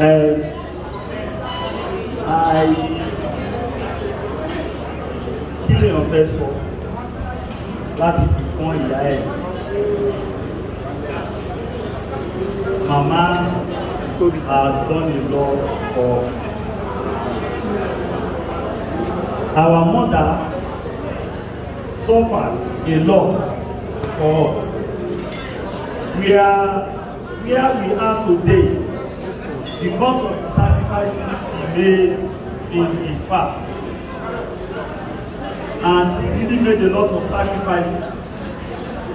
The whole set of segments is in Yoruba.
And I kílè ọ̀fẹ́ sọ láti fi kún ìyá ẹ̀. Màmá àdánilọ ọ̀. Our mother suffered a lot for us. We are where we are today because of the sacrifices she made in the past. And she really made a lot of sacrifices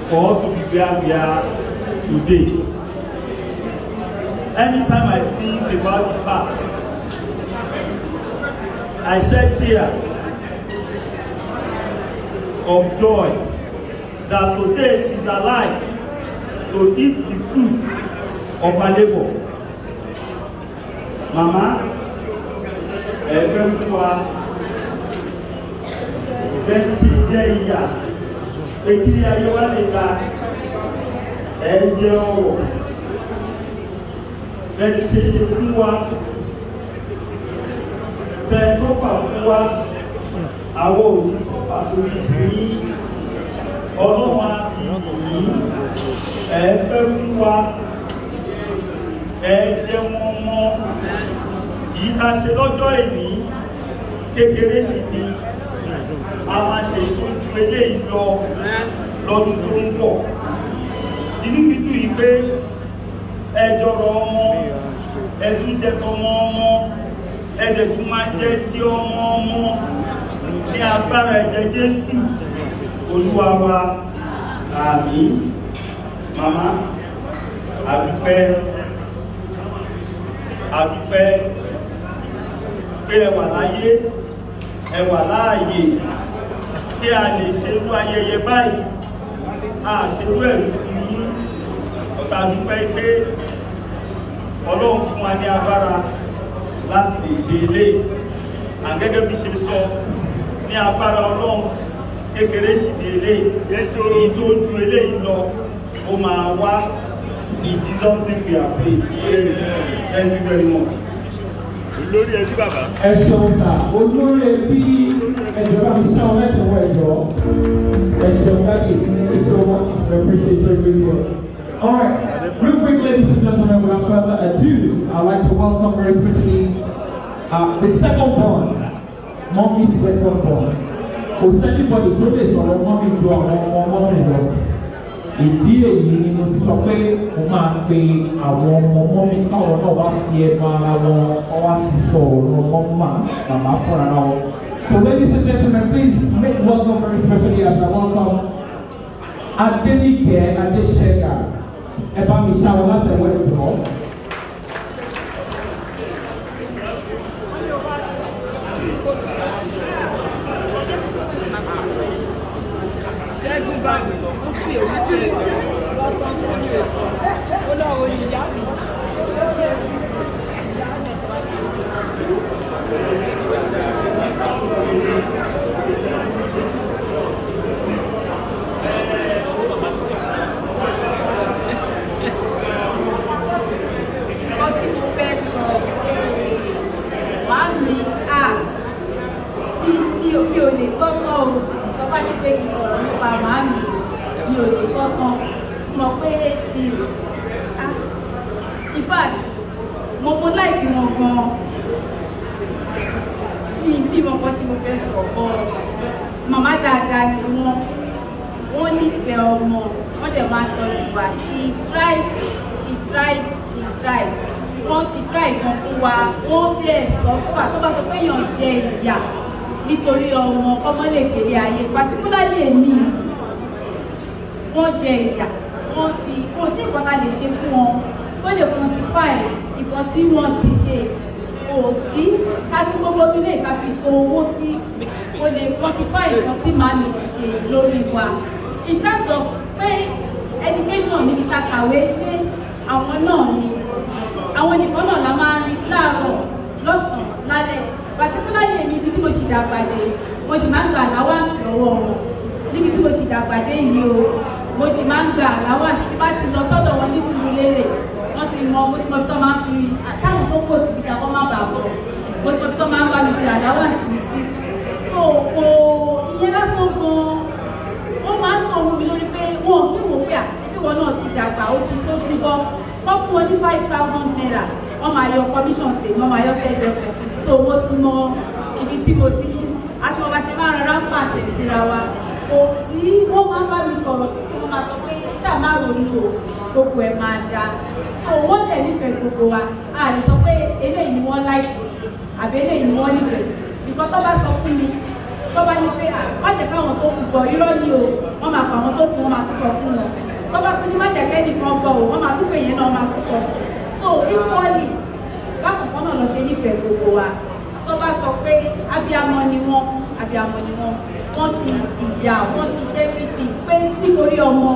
for us to be where we are today. Anytime I think about the past, I shed tears of joy that today she's alive to eat the fruit of her labor màmá ẹgbẹ́ fún wa bẹ́tí jẹ́ ìyà etí ayé wa lè ta ẹ jẹ́ ọ̀wọ̀ bẹ́tí ṣe ṣe fún wa fẹ́ sọ́fà fún wa àwọn òní sọ́fà lórí ìdí ọlọ́wà ìdí ẹ fẹ́ ẹ jẹ́ wọ́n mọ́ yìí ta ṣe lọ́jọ́ ìní kékeré sí ni a máa ṣe ìtọ́jú eléyìí lọ lọ́dún tó ń bọ̀ inú mi dùn yìí pé ẹ jọrọ ọmọ ẹ tún jẹ tọmọ ọmọ ẹ dẹ̀ tún máa jẹ́ ti ọmọ ọmọ ní agbára ẹ̀jẹ̀ Jésù olúwa wa àmín màmá àdúpẹ́ àdúpẹ́ pé ẹ wà láyé ẹ wà láàyè pé a lè ṣerú ayẹyẹ báyìí a ṣerú ẹ̀rù fún yín ọ̀tá dúpẹ́ pé ọlọ́run fún wa ní agbára láti lè ṣe ilé àgẹ́gẹ́ bí ṣe sọ ní agbára ọlọ́run kékeré sì ní ilé èyí tó ju eléyìí lọ ó máa wá In Jesus' name we are praying. Amen. Thank you very much. Olórí ẹbí bàbá. Ẹ ṣeun sà, olórí ẹbí ẹjọ́ bá mi ṣáwọn mẹ́sàn-án ẹ̀jọ́. Ẹ ṣeun dáàbì, thank you so much. I appreciate you very much. All right, real quick, ladies and gentlemen, without further ado, I'd like to welcome very quickly uh, the second born, mommy's second born. Kò sẹ́ni bọ́dì tó lè sọ̀rọ̀ mọ́mí ju àwọn ọmọ mọ́mí lọ ìdí èyí ni mo fi sọ pé mo máa pe àwọn ọmọ ọmọ mi káwọn náà wá fi ẹnu ara wọn wá fi sọ ọ̀rọ̀ ọmọ mà màmá fúnra wọn. So ladies and gentlemen, please make welcome very specially as I welcome Adenike Adesega ẹ bá mi ṣáwọ́ láti ẹ̀wọ́ ẹ̀fọ́. in fact mo mo láìkí wọn gan mi bí wọn kan tí mo fẹ́ sọ bọ́ màmá dáadáa ni wọn wọn nífẹ̀ẹ́ ọmọ wọn dẹ̀ máa tọ́jú wa she try she try she try wọ́n ti try ìkan fún wa wọ́n dẹ̀ sọ fún wa tó bá sọ pé èèyàn jẹ ìyà nítorí ọmọ ọmọ lè gbèrè ayé pàtíkúlálì èmi wọ́n jẹ ìyà wọ́n ti kò sí nǹkan tá lè ṣe fún wọn tó lè quantify nǹkan tí wọ́n ṣe ṣe kò sí káti gbogbo ilé ìka fi kó owó sí kò lè quantify nǹkan tí màá lè ṣe lórí wa in terms of pé education níbi ta kàwé dé àwọn náà ni àwọn nìkan náà la máa ń rí láàárọ̀ lọ́sàn-án lálẹ́ particularly èmi ibi tí mo ṣì dàgbà dé mo ṣì máa ń gba allowance lọ́wọ́ wọn níbi tí mo ṣì dàgbà dé yìí o mo ṣì máa ń gba allowance tí bá ti lọ sọ́dọ̀ wọn ní sùúrù lérè ti mọ mo ti mọ ibi máa ń fi àṣàrùn tó pò síbi ìjà kó má bọ̀ mo ti mọ ibi máa ń bá mi àdáwà sí mi sí so kò ìyẹn lásán gan ó máa ń sọ ohun mi lórí pé wọn ò kí wò pé àṣẹbí wọn náà ti dàgbà ó ti tó dúbọ wọn fún wọn ní five thousand naira wọn máa yọ commission tèmi wọn máa yọ sẹ́gbẹ̀ẹ́ fún so mo ti mọ ibi tí mo ti àti wọn bá ṣe máa rọra ń pàṣẹ síra wa máa ń bá mi sọ̀rọ̀ títí wọ́n máa sọ pé ṣáà má ronú o gbogbo ẹ̀ máa da so wọ́n dẹ̀ nífẹ̀ẹ́ gbogbo wa a lè sọ pé eléyìí ni wọ́n láìpẹ́ àbí eléyìí ni wọ́n nífẹ̀ẹ́ nǹkan tó bá sọ fún mi tó bá ní pé má jẹ́ káwọn tó kù gbọ́ irọ́ ni o wọ́n máa pa àwọn tó kù wọ́n máa tún sọ fún wọn tó bá tún ní má jẹ́ kẹ́ni kan gbọ́ o wọ́n máa tún pè yẹn náà máa tún sọ so equally bákọ̀ọ̀kan náà lọ ṣe nífẹ̀ẹ́ gbogbo wa tó bá sọ pé abiyamọ ni wọ́n abiyamọ ni wọ́n wọ́n ti jìyà wọ́n ti ṣe fi ti pé nítorí ọmọ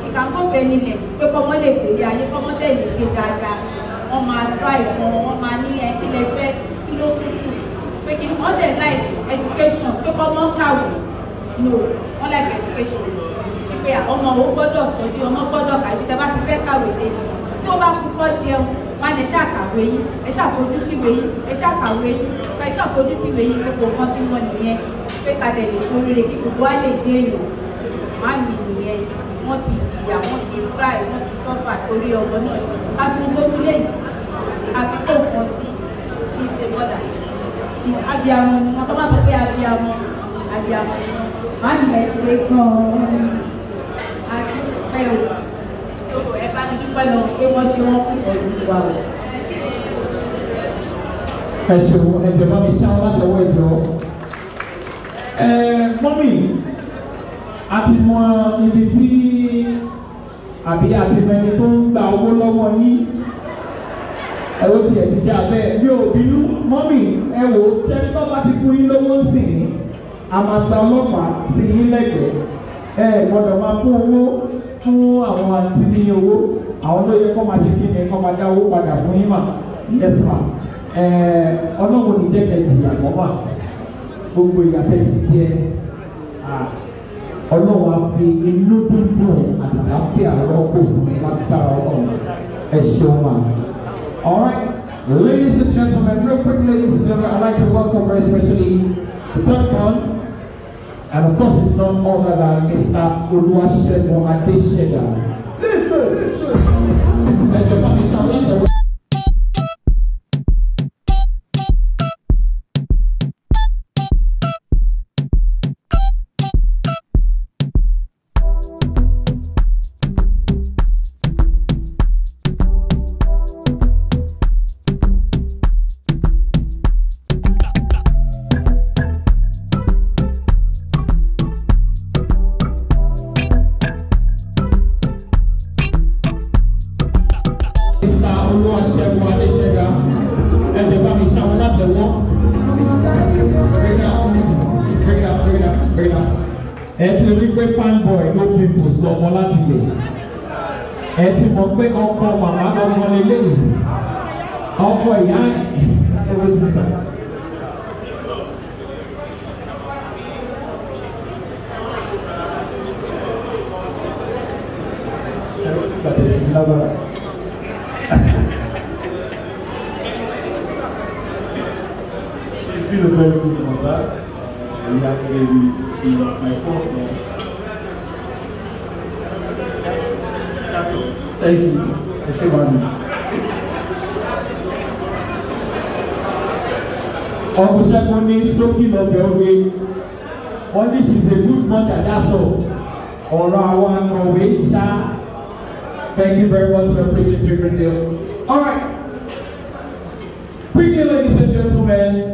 chicago bẹni lẹ̀ pé kọ́mọ́ lè gbèrè ayé kọ́mọ́ dẹ̀ lè ṣe dáadáa wọ́n máa try ìkan wọ́n máa ní ẹ kí lẹ fẹ́ kí ló tún kù pé kí ni wọ́n dẹ̀ like education pé kọ́mọ́ kàwé no wọ́n like education pé ọmọ òun gbọ́dọ̀ tọ́jú ọmọ gbọ́dọ̀ kàwé tẹ bá ti fẹ́ kàwé dé tí ó bá kú kọ́ jẹun wá ní ẹ ṣàkàwé yín ẹ ṣàfojú síwèé yín ẹ ṣàkàwé yín ẹ ṣàfojú síwèé gbogbo nǹkan tí wọ́n nìyẹn pé kalẹ̀ lè ṣoríire kí gbogbo wa dé èèyàn má mi nìyẹn wọ́n ti jìyà wọ́n ti try wọ́n ti sọ́fà torí ọmọ náà agbóngbóngbó lẹ́yìn àfikún kan sí ṣì ń ṣe bọ́dà ṣì abiyamọ ni wọ́n tó bá sọ pé abiyamọ abiyamọ ni wọ́n má mi ẹ̀ ṣe gan-an àti o tó ẹ bá mi dúpẹ́ lọ pé wọ́n ṣe wọ́n kú pẹ̀lú wa o. ẹ ṣeun ẹ jọba mi ṣáwọn láti ọwọ́ ìjọ ẹ mọ́mì a ti mọ ibi tí àbí a ti mẹni tó ń gba owó lọ́wọ́ yín ẹ ó tiẹ̀ ti jẹ́ abẹ́ mi ò bínú mọ́mì ẹ wò ó tẹ́lẹ̀ bá bá ti fún yín lówó sìn ní a máa gba ọlọ́pàá sí yín lẹ́gbẹ̀ẹ́ ẹ gbọ́dọ̀ máa fún owó fún àwọn àti ní owó àwọn ló yẹ kó máa ṣe kí ni kó máa dá owó padà fún yín mà yẹ́sùn mà ọlọ́run ní jẹ́ kẹ́kẹ́ ìyàgbọ́ mà. gbogbo ti jẹ́ ọlọ́wọ́ inú fún lágbára ọlọ́run ẹ ṣeun All right, ladies and gentlemen, real quickly, ladies and gentlemen, I'd like to welcome very especially the third one, and of course it's not other than Mr. Oluwasegun Adesega. Listen, listen. Let your body ẹ ti rí pé fanboy ló fi bùsùn ọmọ láti lè ẹ ti mọ̀ pé ọkọ màmá ọmọ lélẹ̀ ọkọ ìyá ẹwọ sísà. Thank you. She's been a very good mother, and we have very in my fourth grade. That's all. Thank you. Thank you. Uncle Segun ní sókè lọ́bẹ̀ omi wọ́n ní she is a good mother that's all ọ̀rọ̀ àwọn akọ̀wé ìta thank you very much for appreciating your deal. all right quickly ladies and gentlemen.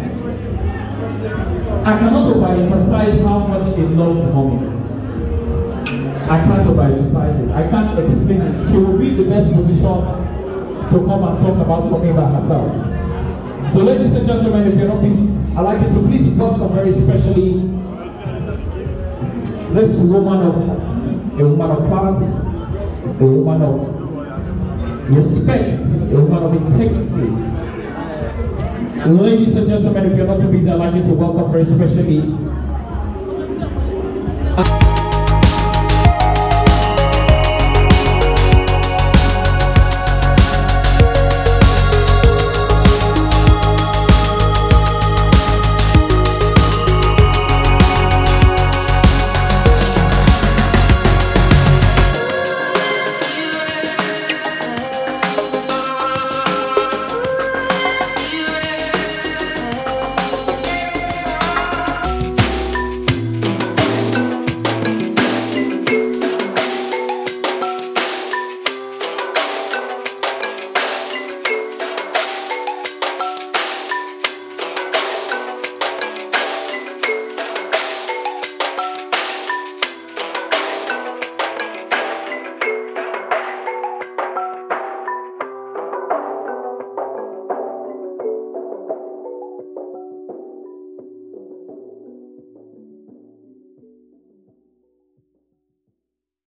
I cannot overemphasize how much he loves mommy. I can't overemphasize it. I can't explain it. She will be the best position to come and talk about mommy by herself. So ladies and gentlemen, if you're not busy, I'd like you to please welcome very specially this woman of a woman of class, a woman of respect, a woman of integrity, Ladies and gentlemen, if you're not too busy, I'd like you to welcome her especially.